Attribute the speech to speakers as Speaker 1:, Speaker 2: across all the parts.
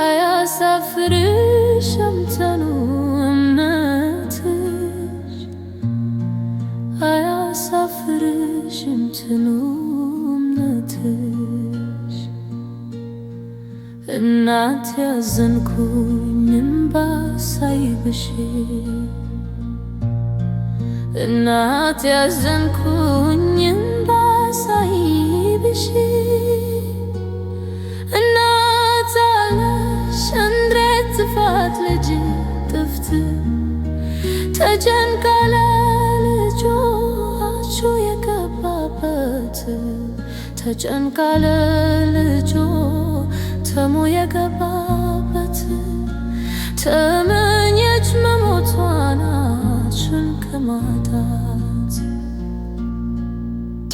Speaker 1: አያሳፍርሽም ጽኑ እምነትሽ አያሳፍርሽም ጽኑ እምነትሽ እናት ያዘንኩኝ እንባ ሳይብሽ እናት ያዘንኩኝ እንባ ሳይብሽ ተጨንቃለ ልጆቹ የገባበት ተጨንቃለ ልጆ ተሙ የገባበት ተመኘች መሞቷን አችን ከማጣት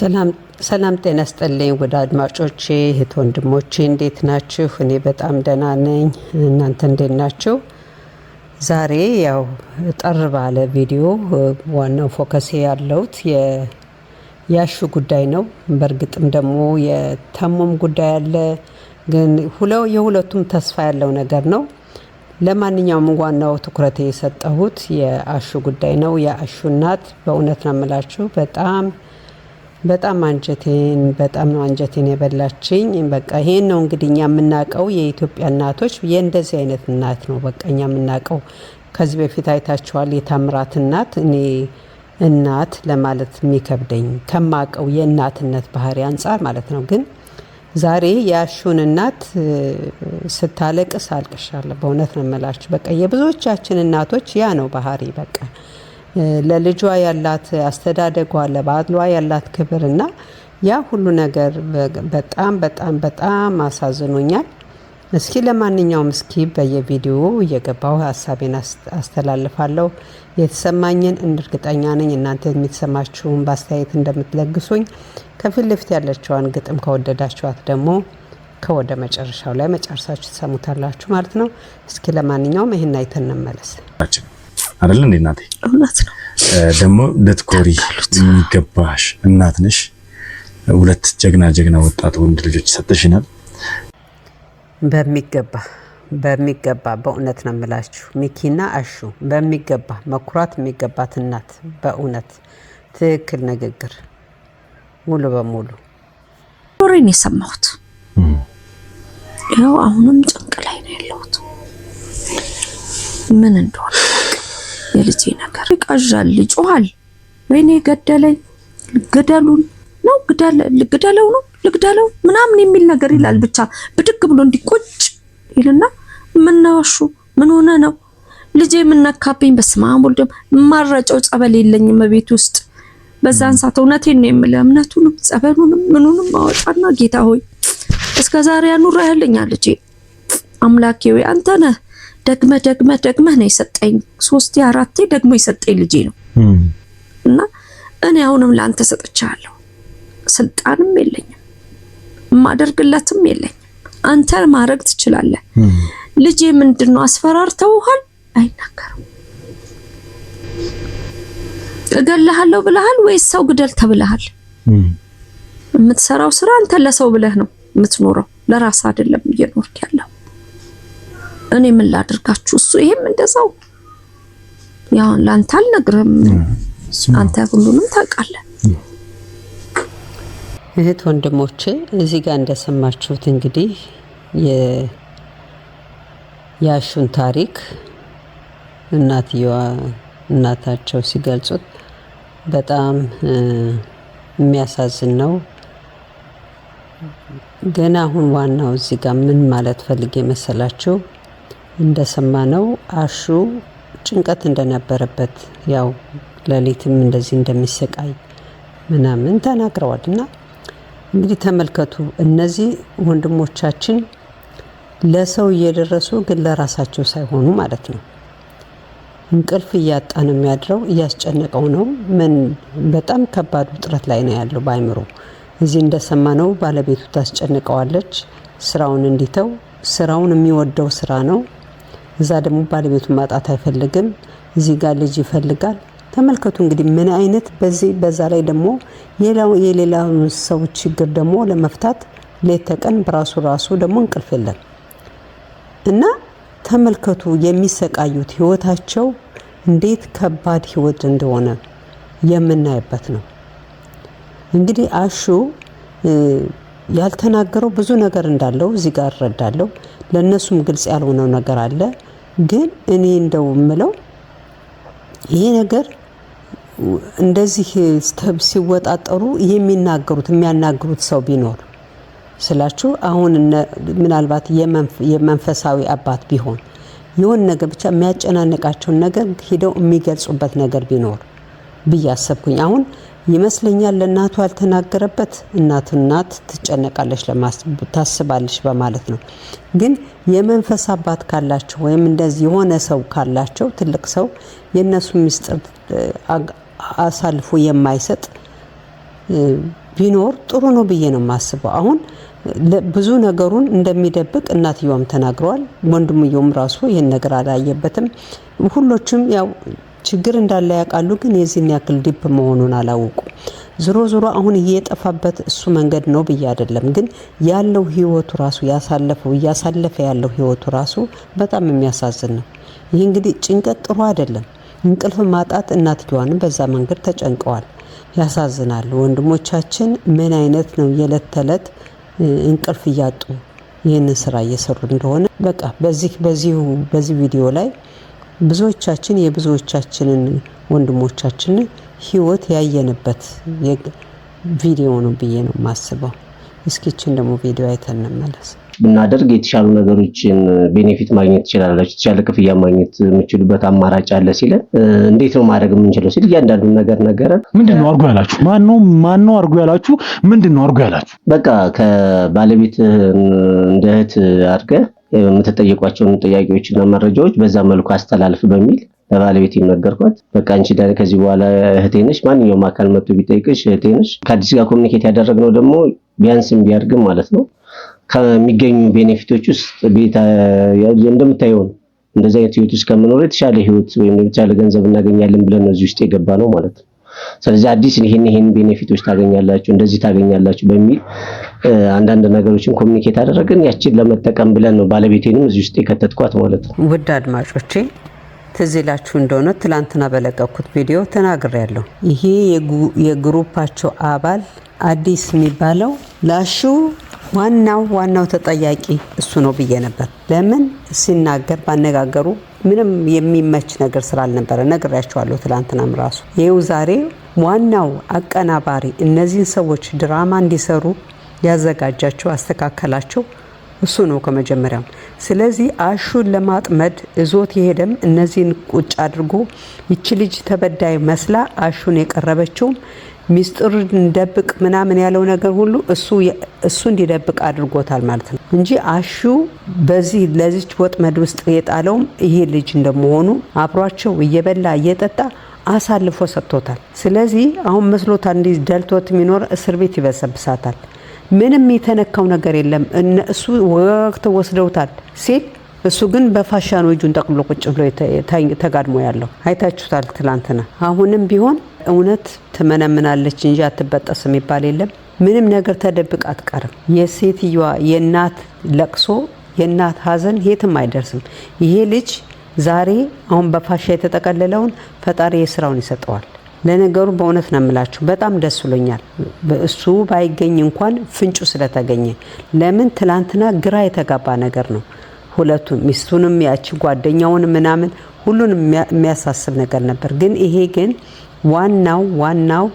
Speaker 2: ሰላም ሰላም ጤና ይስጥልኝ ወደ አድማጮቼ እህት ወንድሞቼ እንዴት ናችሁ? እኔ በጣም ደህና ነኝ። እናንተ እንዴት ናችሁ? ዛሬ ያው ጠር ባለ ቪዲዮ ዋናው ፎከሴ ያለውት የያሹ ጉዳይ ነው። በእርግጥም ደግሞ የተሞም ጉዳይ አለ፣ ግን የሁለቱም ተስፋ ያለው ነገር ነው። ለማንኛውም ዋናው ትኩረት የሰጠሁት የአሹ ጉዳይ ነው። የአሹ እናት በእውነት ነው የምላችሁ በጣም በጣም አንጀቴን በጣም ነው አንጀቴን የበላችኝ። በቃ ይሄን ነው እንግዲህ እኛ የምናውቀው የኢትዮጵያ እናቶች የእንደዚህ አይነት እናት ነው በቃ እኛ የምናውቀው። ከዚህ በፊት አይታችኋል የታምራት እናት። እኔ እናት ለማለት የሚከብደኝ ከማውቀው የእናትነት ባህሪ አንጻር ማለት ነው። ግን ዛሬ የአሹን እናት ስታለቅስ አልቅሻለሁ። በእውነት ነው የምላችሁ። በቃ የብዙዎቻችን እናቶች ያ ነው ባህሪ በቃ ለልጇ ያላት አስተዳደጓ፣ ለባሏ ያላት ክብርና ያ ሁሉ ነገር በጣም በጣም በጣም አሳዝኖኛል። እስኪ ለማንኛውም እስኪ በየቪዲዮ እየገባው ሀሳቤን አስተላልፋለሁ። የተሰማኝን እርግጠኛ ነኝ እናንተ የሚተሰማችሁን በአስተያየት እንደምትለግሱኝ። ከፊት ለፊት ያለችዋን ግጥም ከወደዳችኋት ደግሞ ከወደ መጨረሻው ላይ መጨረሳችሁ ትሰሙታላችሁ ማለት ነው። እስኪ ለማንኛውም ይህን አይተን እንመለስ። አይደል እንዴ? እናቴ እውነት ነው።
Speaker 3: ደግሞ ልትኮሪ የሚገባሽ እናት ነሽ። ሁለት ጀግና ጀግና ወጣት ወንድ ልጆች ሰጥሽናል።
Speaker 2: በሚገባ በሚገባ በእውነት ነው የምላችሁ ሚኪና አሹ በሚገባ መኩራት የሚገባት እናት በእውነት ትክክል ንግግር ሙሉ በሙሉ
Speaker 4: ወሬን የሰማሁት ያው አሁንም ጭንቅ ላይ ነው ያለሁት ምን እንደሆነ የልጄ ነገር ይቃዣል፣ ይጮሃል። ወይኔ ገደለኝ፣ ግደሉን ነው ልግደለው ነው ልግደለው ምናምን የሚል ነገር ይላል። ብቻ ብድግ ብሎ እንዲቆጭ ይልና ምናዋሹ ምን ሆነ ነው ልጄ የምነካብኝ? በስመ አብ ወልድ የማረጨው ጸበል የለኝም ቤት ውስጥ በዛን ሰዓት እውነቴን ነው የምልህ፣ እምነቱንም ጸበሉንም ምኑንም አወጣና ጌታ ሆይ እስከ ዛሬ ያኑራህልኝ ልጄ አምላኬ ወይ አንተ ነህ ደግመ ደግመ ደግመ ነው የሰጠኝ። ሶስቴ አራቴ ደግሞ የሰጠኝ ልጄ ነው እና እኔ አሁንም ለአንተ ሰጥቻለሁ። ስልጣንም የለኝም ማደርግለትም የለኝም። አንተ ማድረግ ትችላለህ። ልጄ ምንድን ነው አስፈራርተውሃል? አይናገርም። እገልሃለሁ ብለሃል ወይስ ሰው ግደል ተብለሃል? የምትሰራው ስራ አንተ ለሰው ብለህ ነው የምትኖረው፣ ለራስ አይደለም እየኖርክ ያለው። እኔ ምን ላድርጋችሁ? እሱ ይሄም እንደዛው ያው ላንተ አልነግርህም፣ አንተ ሁሉንም ታውቃለህ።
Speaker 2: እህት ወንድሞቼ፣ እዚህ ጋር እንደሰማችሁት እንግዲህ የአሹን ታሪክ እናትየዋ እናታቸው ሲገልጹት በጣም የሚያሳዝን ነው። ግን አሁን ዋናው እዚህ ጋር ምን ማለት ፈልጌ መሰላችሁ? እንደሰማነው አሹ ጭንቀት እንደነበረበት ያው ለሌትም እንደዚህ እንደሚሰቃይ ምናምን ተናግረዋል። እና እንግዲህ ተመልከቱ እነዚህ ወንድሞቻችን ለሰው እየደረሱ ግን ለራሳቸው ሳይሆኑ ማለት ነው። እንቅልፍ እያጣ ነው የሚያድረው፣ እያስጨነቀው ነው። ምን በጣም ከባድ ውጥረት ላይ ነው ያለው በአይምሮ። እዚህ እንደሰማነው ባለቤቱ ታስጨንቀዋለች ስራውን እንዲተው። ስራውን የሚወደው ስራ ነው እዛ ደግሞ ባለቤቱን ማጣት አይፈልግም። እዚህ ጋር ልጅ ይፈልጋል። ተመልከቱ እንግዲህ ምን አይነት በዚህ በዛ ላይ ደግሞ የሌላ ሰው ችግር ደግሞ ለመፍታት ሌት ተቀን በራሱ ራሱ ደግሞ እንቅልፍ የለም እና ተመልከቱ የሚሰቃዩት ህይወታቸው እንዴት ከባድ ህይወት እንደሆነ የምናይበት ነው። እንግዲህ አሹ ያልተናገረው ብዙ ነገር እንዳለው እዚህ ጋር እረዳለሁ። ለእነሱም ግልጽ ያልሆነው ነገር አለ። ግን እኔ እንደው ምለው ይሄ ነገር እንደዚህ ሲወጣጠሩ የሚናገሩት የሚያናግሩት ሰው ቢኖር ስላችሁ አሁን ምናልባት የመንፈሳዊ አባት ቢሆን የሆን ነገር ብቻ የሚያጨናንቃቸውን ነገር ሂደው የሚገልጹበት ነገር ቢኖር ብዬ አሰብኩኝ አሁን ይመስለኛል ለእናቱ ያልተናገረበት እናቱ እናት ትጨነቃለች ታስባለች በማለት ነው። ግን የመንፈስ አባት ካላቸው ወይም እንደዚህ የሆነ ሰው ካላቸው ትልቅ ሰው የእነሱ ምስጢር አሳልፎ የማይሰጥ ቢኖር ጥሩ ነው ብዬ ነው የማስበው። አሁን ብዙ ነገሩን እንደሚደብቅ እናትየውም ተናግረዋል። ወንድምየውም ራሱ ይህን ነገር አላየበትም። ሁሎችም ያው ችግር እንዳለ ያውቃሉ፣ ግን የዚህን ያክል ዲፕ መሆኑን አላወቁ። ዞሮ ዞሮ አሁን እየጠፋበት እሱ መንገድ ነው ብዬ አይደለም፣ ግን ያለው ህይወቱ ራሱ ያሳለፈው እያሳለፈ ያለው ህይወቱ ራሱ በጣም የሚያሳዝን ነው። ይህ እንግዲህ ጭንቀት ጥሩ አይደለም። እንቅልፍ ማጣት እናትየዋንም በዛ መንገድ ተጨንቀዋል። ያሳዝናል። ወንድሞቻችን ምን አይነት ነው የዕለት ተዕለት እንቅልፍ እያጡ ይህንን ስራ እየሰሩ እንደሆነ በቃ በዚህ በዚሁ በዚህ ቪዲዮ ላይ ብዙዎቻችን የብዙዎቻችንን ወንድሞቻችንን ህይወት ያየንበት ቪዲዮ ነው ብዬ ነው የማስበው። እስኪችን ደግሞ ቪዲዮ አይተን እንመለስ።
Speaker 5: ብናደርግ የተሻሉ ነገሮችን ቤኔፊት ማግኘት ትችላላችሁ፣ የተሻለ ክፍያ ማግኘት የምችሉበት አማራጭ አለ ሲለን እንዴት ነው ማድረግ የምንችለው ሲል እያንዳንዱን ነገር ነገረን።
Speaker 3: ምንድን ነው አድርጎ ያላችሁ?
Speaker 6: ማነው አርጉ ያላችሁ? ምንድን ነው አርጉ ያላችሁ?
Speaker 5: በቃ ከባለቤት እንደ እህት አድርገህ ጥያቄዎች ጥያቄዎችና መረጃዎች በዛ መልኩ አስተላልፍ በሚል ለባለቤት ነገርኳት። በቃ አንቺ ከዚህ በኋላ እህቴ ነሽ፣ ማንኛውም አካል መጥቶ ቢጠይቅሽ እህቴ ነሽ። ከአዲስ ጋር ኮሚኒኬት ያደረግነው ደግሞ ቢያንስም ቢያድግም ማለት ነው ከሚገኙ ቤኔፊቶች ውስጥ እንደምታየውን እንደዚህ አይነት ህይወት ውስጥ ከምኖር የተሻለ ህይወት ወይም የተሻለ ገንዘብ እናገኛለን ብለን ነው እዚህ ውስጥ የገባ ነው ማለት ነው። ስለዚህ አዲስ ይህን ይህን ቤኔፊቶች ታገኛላችሁ፣ እንደዚህ ታገኛላችሁ በሚል አንዳንድ ነገሮችን ኮሚኒኬት አደረግን። ያችን ለመጠቀም ብለን ነው ባለቤቴንም እዚህ ውስጥ የከተትኳት ማለት
Speaker 2: ነው። ውድ አድማጮቼ ትዝ ይላችሁ እንደሆነ ትላንትና በለቀኩት ቪዲዮ ተናግሬያለሁ። ይሄ የግሩፓቸው አባል አዲስ የሚባለው ላሹ ዋናው ዋናው ተጠያቂ እሱ ነው ብዬ ነበር። ለምን ሲናገር ባነጋገሩ ምንም የሚመች ነገር ስላልነበረ ነግሬያቸዋለሁ። ትላንትናም ራሱ ይኸው ዛሬ ዋናው አቀናባሪ እነዚህን ሰዎች ድራማ እንዲሰሩ ያዘጋጃቸው አስተካከላቸው እሱ ነው ከመጀመሪያው። ስለዚህ አሹን ለማጥመድ እዞት የሄደም እነዚህን ቁጭ አድርጎ ይቺ ልጅ ተበዳይ መስላ አሹን የቀረበችውም ሚስጥር እንደብቅ ምናምን ያለው ነገር ሁሉ እሱ እንዲደብቅ አድርጎታል ማለት ነው እንጂ አሹ በዚህ ለዚች ወጥመድ ውስጥ የጣለውም ይሄ ልጅ እንደመሆኑ አብሯቸው እየበላ እየጠጣ አሳልፎ ሰጥቶታል። ስለዚህ አሁን መስሎታ እንዲ ደልቶት የሚኖር እስር ቤት ይበሰብሳታል። ምንም የተነካው ነገር የለም። እሱ ወቅት ወስደውታል ሲል እሱ ግን በፋሻ ነው እጁን ጠቅሎ ቁጭ ብሎ ተጋድሞ ያለው አይታችሁታል። ትላንትና አሁንም ቢሆን እውነት ትመነምናለች እንጂ አትበጠስም ይባል የለም። ምንም ነገር ተደብቅ አትቀርም። የሴትየዋ የእናት ለቅሶ የእናት ሐዘን የትም አይደርስም። ይሄ ልጅ ዛሬ አሁን በፋሻ የተጠቀለለውን ፈጣሪ የስራውን ይሰጠዋል። ለነገሩ በእውነት ነው የምላችሁ፣ በጣም ደስ ብሎኛል። እሱ ባይገኝ እንኳን ፍንጩ ስለተገኘ ለምን ትላንትና ግራ የተጋባ ነገር ነው። ሁለቱን ሚስቱንም ያቺ ጓደኛውን ምናምን ሁሉንም የሚያሳስብ ነገር ነበር። ግን ይሄ ግን ዋናው ዋናው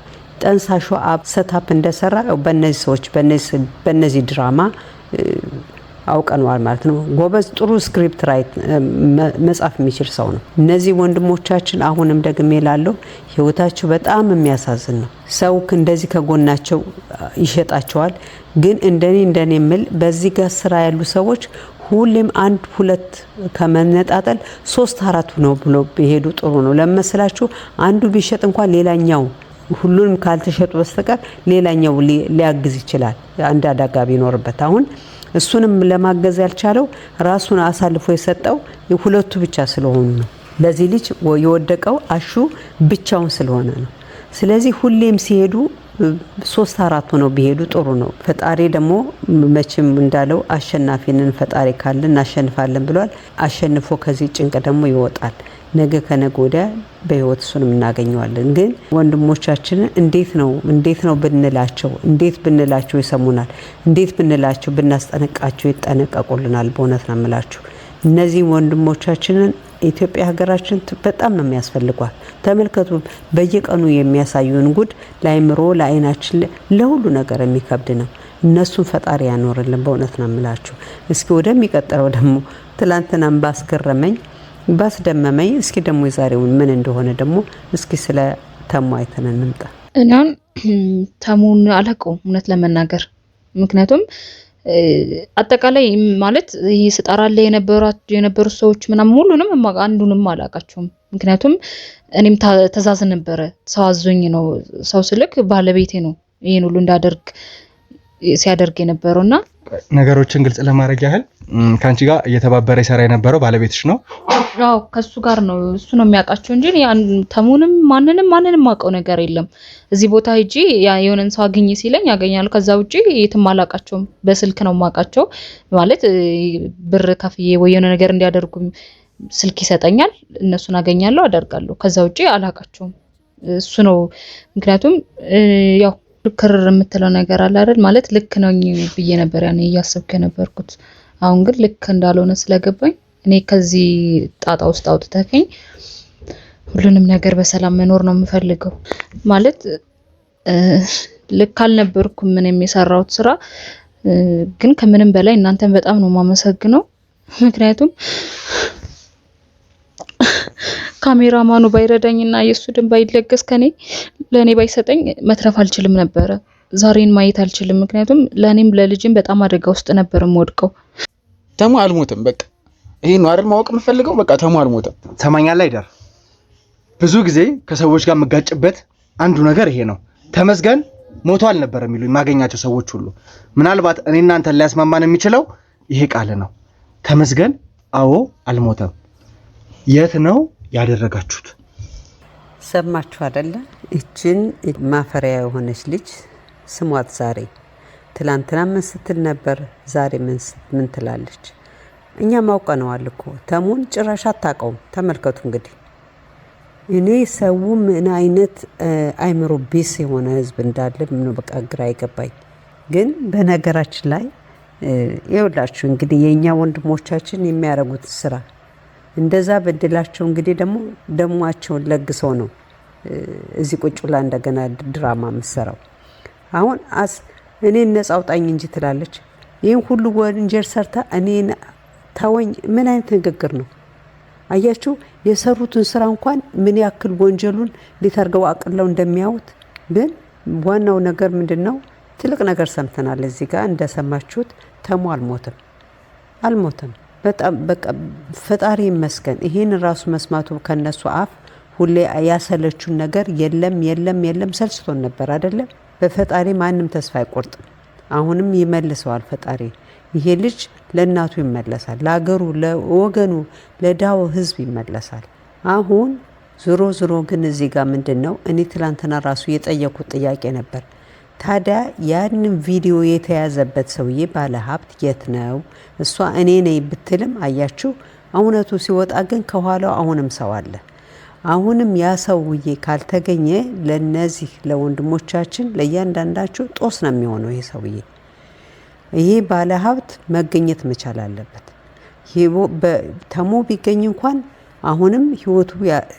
Speaker 2: ጠንሳሹ አብ ሰታፕ እንደሰራ በነዚህ ሰዎች በነዚህ ድራማ አውቀነዋል ማለት ነው። ጎበዝ ጥሩ ስክሪፕት ራይት መጻፍ የሚችል ሰው ነው። እነዚህ ወንድሞቻችን አሁንም ደግሜ ላለው ህይወታቸው በጣም የሚያሳዝን ነው። ሰው እንደዚህ ከጎናቸው ይሸጣቸዋል። ግን እንደኔ እንደኔ ምል በዚህ ጋር ስራ ያሉ ሰዎች ሁሌም አንድ ሁለት ከመነጣጠል ሶስት አራት ነው ብሎ ቢሄዱ ጥሩ ነው። ለመሰላችሁ አንዱ ቢሸጥ እንኳን ሌላኛው ሁሉንም ካልተሸጡ በስተቀር ሌላኛው ሊያግዝ ይችላል። አንድ አዳጋ ቢኖርበት አሁን እሱንም ለማገዝ ያልቻለው ራሱን አሳልፎ የሰጠው ሁለቱ ብቻ ስለሆኑ ነው። ለዚህ ልጅ የወደቀው አሹ ብቻውን ስለሆነ ነው። ስለዚህ ሁሌም ሲሄዱ ሶስት አራት ሆነው ቢሄዱ ጥሩ ነው። ፈጣሪ ደግሞ መቼም እንዳለው አሸናፊንን ፈጣሪ ካለን እናሸንፋለን ብሏል። አሸንፎ ከዚህ ጭንቅ ደግሞ ይወጣል። ነገ ከነገ ወዲያ በህይወት እሱንም እናገኘዋለን። ግን ወንድሞቻችንን እንዴት ነው እንዴት ነው ብንላቸው እንዴት ብንላቸው ይሰሙናል? እንዴት ብንላቸው ብናስጠነቃቸው ይጠነቀቁልናል። በእውነት ነው የምላችሁ እነዚህ ወንድሞቻችንን ኢትዮጵያ ሀገራችን በጣም ነው የሚያስፈልጓል። ተመልከቱ፣ በየቀኑ የሚያሳዩን ጉድ ለአይምሮ፣ ለአይናችን፣ ለሁሉ ነገር የሚከብድ ነው። እነሱን ፈጣሪ ያኖርልን። በእውነት ነው የምላችሁ። እስኪ ወደሚቀጥለው ደግሞ ትላንትናም ባስገረመኝ ባስደመመኝ፣ እስኪ ደግሞ የዛሬውን ምን እንደሆነ ደግሞ እስኪ ስለ ተሙ አይተን እንምጣ።
Speaker 4: እናም ተሙን አላውቀውም እውነት ለመናገር ምክንያቱም አጠቃላይ ማለት ይህ ስጣራ ላይ የነበሩት ሰዎች ምናምን ሁሉንም አንዱንም አላውቃቸውም። ምክንያቱም እኔም ትእዛዝ ነበረ ሰው አዞኝ ነው ሰው ስልክ ባለቤቴ ነው ይህን ሁሉ እንዳደርግ ሲያደርግ የነበረው እና
Speaker 3: ነገሮችን ግልጽ ለማድረግ ያህል ከአንቺ ጋር እየተባበረ ይሰራ የነበረው ባለቤትሽ ነው?
Speaker 4: አዎ ከሱ ጋር ነው። እሱ ነው የሚያውቃቸው እንጂ ተሙንም ማንንም ማንንም አውቀው ነገር የለም። እዚህ ቦታ ሂጂ የሆነን ሰው አግኝ ሲለኝ ያገኛሉ። ከዛ ውጭ የትም አላውቃቸውም። በስልክ ነው የማውቃቸው። ማለት ብር ከፍዬ ወይ የሆነ ነገር እንዲያደርጉም ስልክ ይሰጠኛል። እነሱን አገኛለሁ፣ አደርጋለሁ። ከዛ ውጭ አላውቃቸውም። እሱ ነው ምክንያቱም ያው ክርር የምትለው ነገር አለ አይደል? ማለት ልክ ነው ብዬ ነበር ያኔ እያሰብክ የነበርኩት። አሁን ግን ልክ እንዳልሆነ ስለገባኝ እኔ ከዚህ ጣጣ ውስጥ አውጥተከኝ ሁሉንም ነገር በሰላም መኖር ነው የምፈልገው። ማለት ልክ አልነበርኩም ምንም የሰራሁት ስራ፣ ግን ከምንም በላይ እናንተን በጣም ነው የማመሰግነው ምክንያቱም ካሜራማኑ ባይረዳኝና የእሱ ድን ባይለገስ ከኔ ለእኔ ባይሰጠኝ መትረፍ አልችልም ነበረ። ዛሬን ማየት አልችልም። ምክንያቱም ለእኔም ለልጅም በጣም አደጋ ውስጥ ነበር የምወድቀው።
Speaker 3: ተሙ አልሞትም። በቃ ይሄ ነው አይደል ማወቅ የምፈልገው። በቃ ተሙ አልሞትም።
Speaker 7: ላይ አይደል? ብዙ ጊዜ ከሰዎች ጋር የምጋጭበት አንዱ ነገር ይሄ ነው። ተመስገን ሞቶ አልነበረ የሚሉ የማገኛቸው ሰዎች ሁሉ ምናልባት እኔ እናንተን ሊያስማማን የሚችለው ይሄ ቃል ነው። ተመስገን አዎ አልሞተም። የት ነው ያደረጋችሁት?
Speaker 2: ሰማችሁ አደለ? እችን ማፈሪያ የሆነች ልጅ ስሟት ዛሬ ትላንትና ምን ስትል ነበር? ዛሬ ምን ትላለች? እኛ ማውቀነዋል እኮ ተሙን ጭራሽ አታውቀውም። ተመልከቱ እንግዲህ እኔ ሰው ምን አይነት አይምሮ ቢስ የሆነ ህዝብ እንዳለ ምን በቃ ግራ አይገባኝ። ግን በነገራችን ላይ ይኸውላችሁ እንግዲህ የእኛ ወንድሞቻችን የሚያደርጉት ስራ እንደዛ በድላቸው እንግዲህ ደግሞ ደሟቸውን ለግሰው ነው እዚህ ቁጭ ብላ እንደገና ድራማ የምትሰራው። አሁን አስ እኔን ነጻ አውጣኝ እንጂ ትላለች። ይህን ሁሉ ወንጀል ሰርታ እኔን ተወኝ፣ ምን አይነት ንግግር ነው? አያችሁ የሰሩትን ስራ እንኳን ምን ያክል ወንጀሉን ሊተርገው አቅለው እንደሚያዩት ግን ዋናው ነገር ምንድን ነው? ትልቅ ነገር ሰምተናል። እዚህ ጋር እንደሰማችሁት ተሙ አልሞትም አልሞትም በጣም በቃ ፈጣሪ ይመስገን። ይሄን ራሱ መስማቱ ከነሱ አፍ ሁሌ ያሰለችን ነገር የለም የለም የለም ሰልስቶን ነበር አይደለም። በፈጣሪ ማንም ተስፋ አይቆርጥም። አሁንም ይመልሰዋል ፈጣሪ። ይሄ ልጅ ለእናቱ ይመለሳል፣ ለአገሩ፣ ለወገኑ፣ ለዳው ህዝብ ይመለሳል። አሁን ዞሮ ዞሮ ግን እዚህ ጋር ምንድን ነው እኔ ትላንትና ራሱ የጠየኩት ጥያቄ ነበር ታዲያ ያንን ቪዲዮ የተያዘበት ሰውዬ ባለ ሀብት የት ነው? እሷ እኔ ነኝ ብትልም አያችሁ፣ እውነቱ ሲወጣ ግን ከኋላው አሁንም ሰው አለ። አሁንም ያ ሰውዬ ካልተገኘ ለነዚህ ለወንድሞቻችን ለእያንዳንዳችሁ ጦስ ነው የሚሆነው። ይሄ ሰውዬ ይሄ ባለ ሀብት መገኘት መቻል አለበት። ተሞ ቢገኝ እንኳን አሁንም ህይወቱ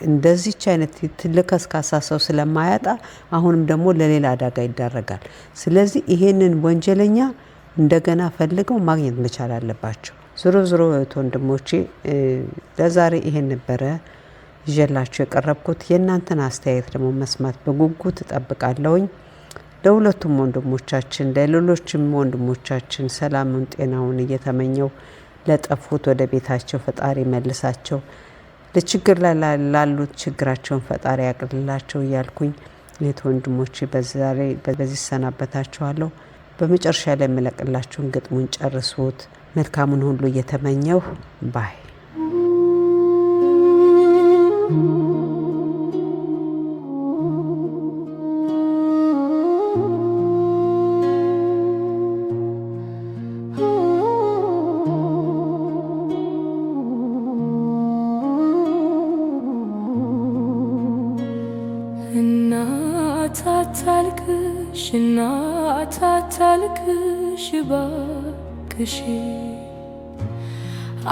Speaker 2: እንደዚች አይነት ትልቅ ከስካሳ ሰው ስለማያጣ አሁንም ደግሞ ለሌላ አደጋ ይዳረጋል። ስለዚህ ይሄንን ወንጀለኛ እንደገና ፈልገው ማግኘት መቻል አለባቸው። ዞሮ ዞሮ እህት ወንድሞቼ ለዛሬ ይሄን ነበረ ይዤላችሁ የቀረብኩት። የእናንተን አስተያየት ደግሞ መስማት በጉጉት እጠብቃለሁኝ። ለሁለቱም ወንድሞቻችን ለሌሎችም ወንድሞቻችን ሰላምን ጤናውን እየተመኘው ለጠፉት ወደ ቤታቸው ፈጣሪ መልሳቸው ለችግር ላይ ላሉት ችግራቸውን ፈጣሪ ያቅልላቸው እያልኩኝ እህት ወንድሞቼ በዛሬ በዚህ ሰናበታችኋለሁ። በመጨረሻ ላይ የምለቅላችሁን ግጥሙን ጨርሱት። መልካሙን ሁሉ እየተመኘሁ ባይ ሽናታ አታልቅሽባ ክሺ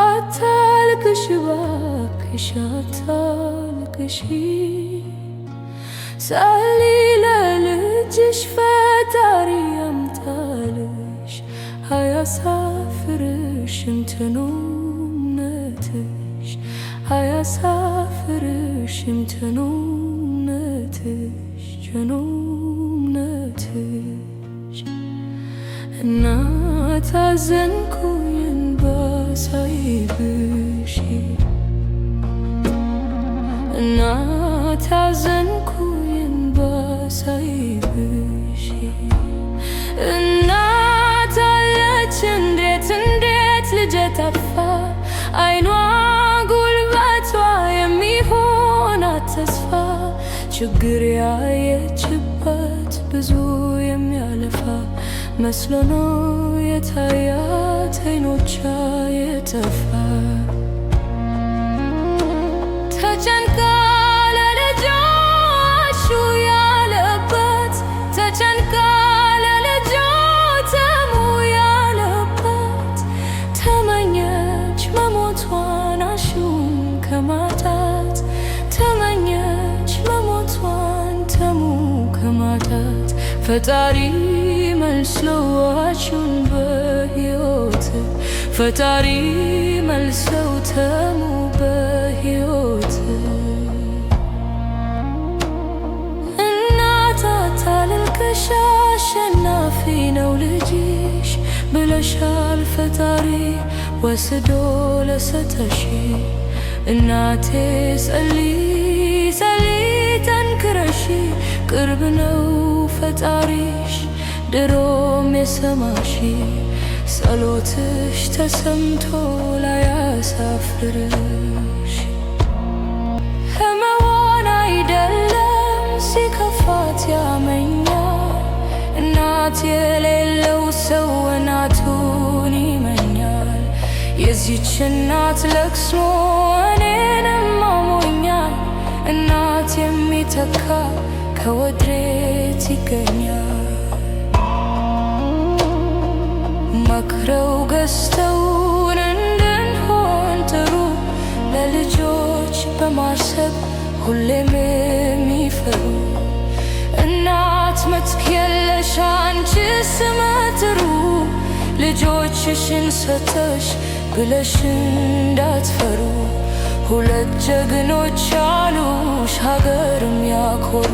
Speaker 2: አታልቅሽባ ክሺ አታልቅሺ ሳሊ ለልጅሽ ፈጣሪ ያምጣልሽ አያሳፍርሽም ትኑነትሽ አያሳፍርሽም ትኑነትሽ ጀኑነ እናት አዘንኩኝ እንባ እንዴት እንዴት ልጄ ጠፋ አይኗ ጉልበቷ የሚሆናት ተስፋ ችግር ያየ መስሎ ነው የታያት አይኖቿ የጠፋ ተጨንቃ ለልጆቹ ያለበት ተጨንቃ ለልጆቹ ያለበት ተመኘች መሞቷን አሹም ከማጣት ተመኘች መሞቷን ተሙ ከማጣት ፈጣሪ ስለዋችን በሕይወት ፈጣሪ መልሰው ተሙ በሕይወት እናት አታልልቅሽ አሸናፊ ነው ልጅሽ ብለሻል ፈጣሪ ወስዶ ለሰጠሽ እናቴ ጸልይ ጸልይ ጠንክረሽ ቅርብ ነው ፈጣሪሽ ድሮም የሰማሽ ጸሎትሽ ተሰምቶ ላያሳፍርሽ ህመዋን አይደለም ሲከፋት ያመኛል። እናት የሌለው ሰው እናቱን ይመኛል። የዚች እናት ለቅሶ እኔንም አሞኛል። እናት የሚተካ ከወድሬት ይገኛል? መክረው ገዝተውን እንድንሆን ጥሩ ለልጆች በማሰብ ሁሌም የሚፈሩ እናት ምትክ የለሽ አንቺ ስመ ጥሩ ልጆችሽን ሰተሽ ብለሽ እንዳትፈሩ ሁለት ጀግኖች ያሉሽ ሀገርም ያኮሩ